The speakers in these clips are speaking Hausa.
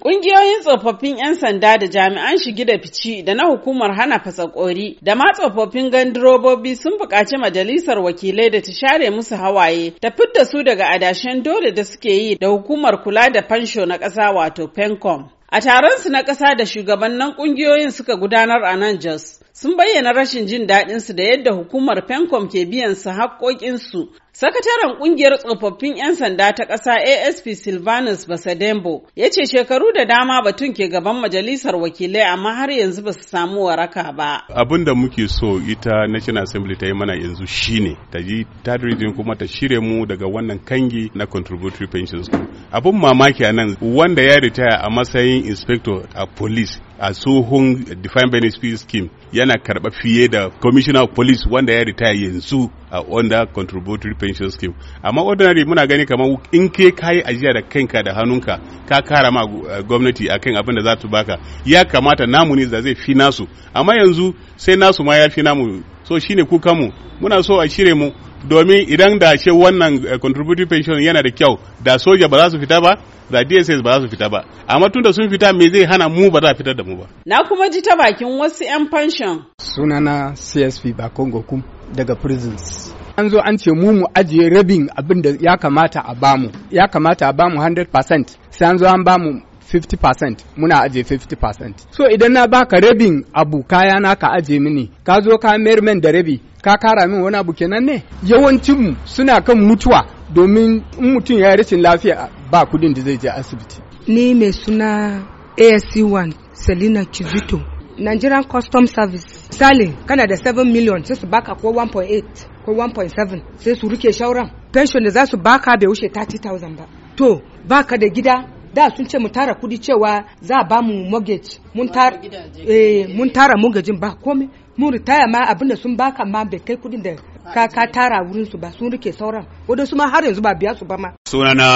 Ƙungiyoyin tsofaffin 'yan sanda da jami'an shige da fici da na hukumar hana fasakori da ma tsofaffin gandurobobi sun buƙaci majalisar wakilai da ta share musu hawaye ta fidda su daga adashen dole da suke yi da hukumar kula da fansho na ƙasa wato pencom. A taron su na ƙasa da shugabannin ƙungiyoyin suka gudanar a nan Jos, sun bayyana rashin jin daɗin su da yadda hukumar Pencom ke biyan su su. Sakataren kungiyar tsofaffin 'yan sanda ta ƙasa ASP Silvanus Basadembo ya ce shekaru da dama batun ke gaban majalisar wakilai amma har yanzu ba su samu waraka ba. Abin da muke so ita National Assembly ta yi mana yanzu shine ta yi tadirijin kuma ta shirya mu daga wannan kangi na contributory pensions. Abin mamaki a nan wanda ya ritaya a matsayin inspector a police a tsohon defined benefit scheme yana karɓa fiye da commissioner of police wanda ya ritaya yanzu a under contributory pension scheme amma ordinary muna gani kamar in ke kayi ajiya da kanka da hannunka ka kara ma eh, gwamnati akan abin da za ta baka ya kamata namu ne da zai fi nasu amma yanzu sai nasu ma ya fi namu so shine kuka mu muna so a cire mu domin idan da ce wannan eh, contributing pension yana da kyau da soja ba za su fita ba da DSS ba za su fita ba amma tunda sun fita me zai hana mu ba za a fitar da mu ba na kuma ji ta bakin wasu yan pension sunana CSP ba Congo kum daga prisons an zo an ce mu mu ajiye rabin abin da ya kamata a bamu ya kamata a bamu 100% sai an zo an bamu 50% muna aje 50% so idan na baka rabin abu kaya na ka aje mini ka zo ka mayar men da rabi ka kara min wani abu kenan ne yawancin mu suna kan mutuwa domin in mutum ya rashin lafiya ba kudin da zai je asibiti ni mai suna ASC1 Selina Kizito Nigerian Custom Service Sale kana da 7 million sai su baka ko 1.8 ko 1.7 sai su rike shauran pension da za su baka bai wuce 30,000 ba to baka da gida da sun ce mu tara kudi cewa za a ba mu mortgage mun eh, tara mortgage ba komai mun ritaya ma abin da sun baka ma bai kai kudin da ka ka tara wurin su ba sun rike sauran wadansu ma har yanzu ba biya su ba ma sunana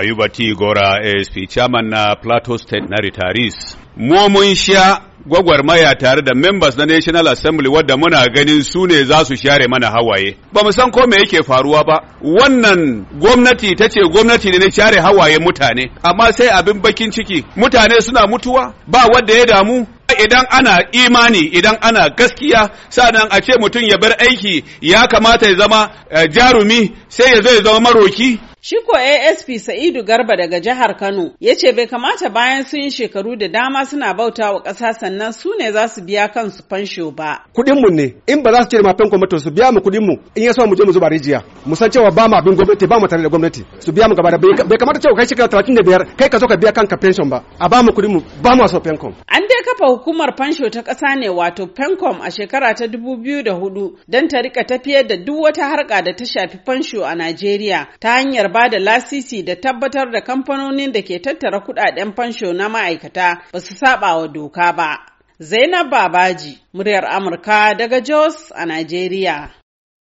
ayuba t gora asp chairman na plateau state na retirees mu mun sha gwagwarmaya tare da members na National Assembly wadda muna ganin su ne za su share mana hawaye. Ba mu san ko me yake faruwa ba, wannan gwamnati ta ce gwamnati ne na share hawaye mutane, amma sai abin bakin ciki, mutane suna mutuwa, ba wanda ya damu, idan ana imani idan ana gaskiya sanan a ce mutum ya bar aiki ya kamata ya zama eh, jarumi sai ya zo ya zama maroki Shi ko ASP Sa'idu Garba daga jihar Kano ya ce bai kamata bayan sun yi shekaru da dama suna bauta wa ƙasa sannan su ne za su biya kansu fansho ba. Kuɗin mu ne in ba za su ce ma fankon gwamnati su biya mu kuɗin mu in ya so mu je mu zuba rijiya mu san cewa ba ma bin gwamnati ba mu tare da gwamnati su biya mu gaba da bai kamata cewa kai shekara talatin da biyar kai ka zo ka biya kanka pension ba a ba mu kuɗin mu ba mu so fankon. An dai kafa hukumar fansho ta ƙasa ne wato fankon a shekara ta dubu biyu da hudu don ta rika tafiyar da duk wata harka da ta shafi fansho a Najeriya ta hanyar ba da lasisi da tabbatar da kamfanonin da ke tattara kudaden fansho na ma'aikata ba su saba wa doka ba. Zainab Babaji, muryar Amurka daga Jos a Najeriya.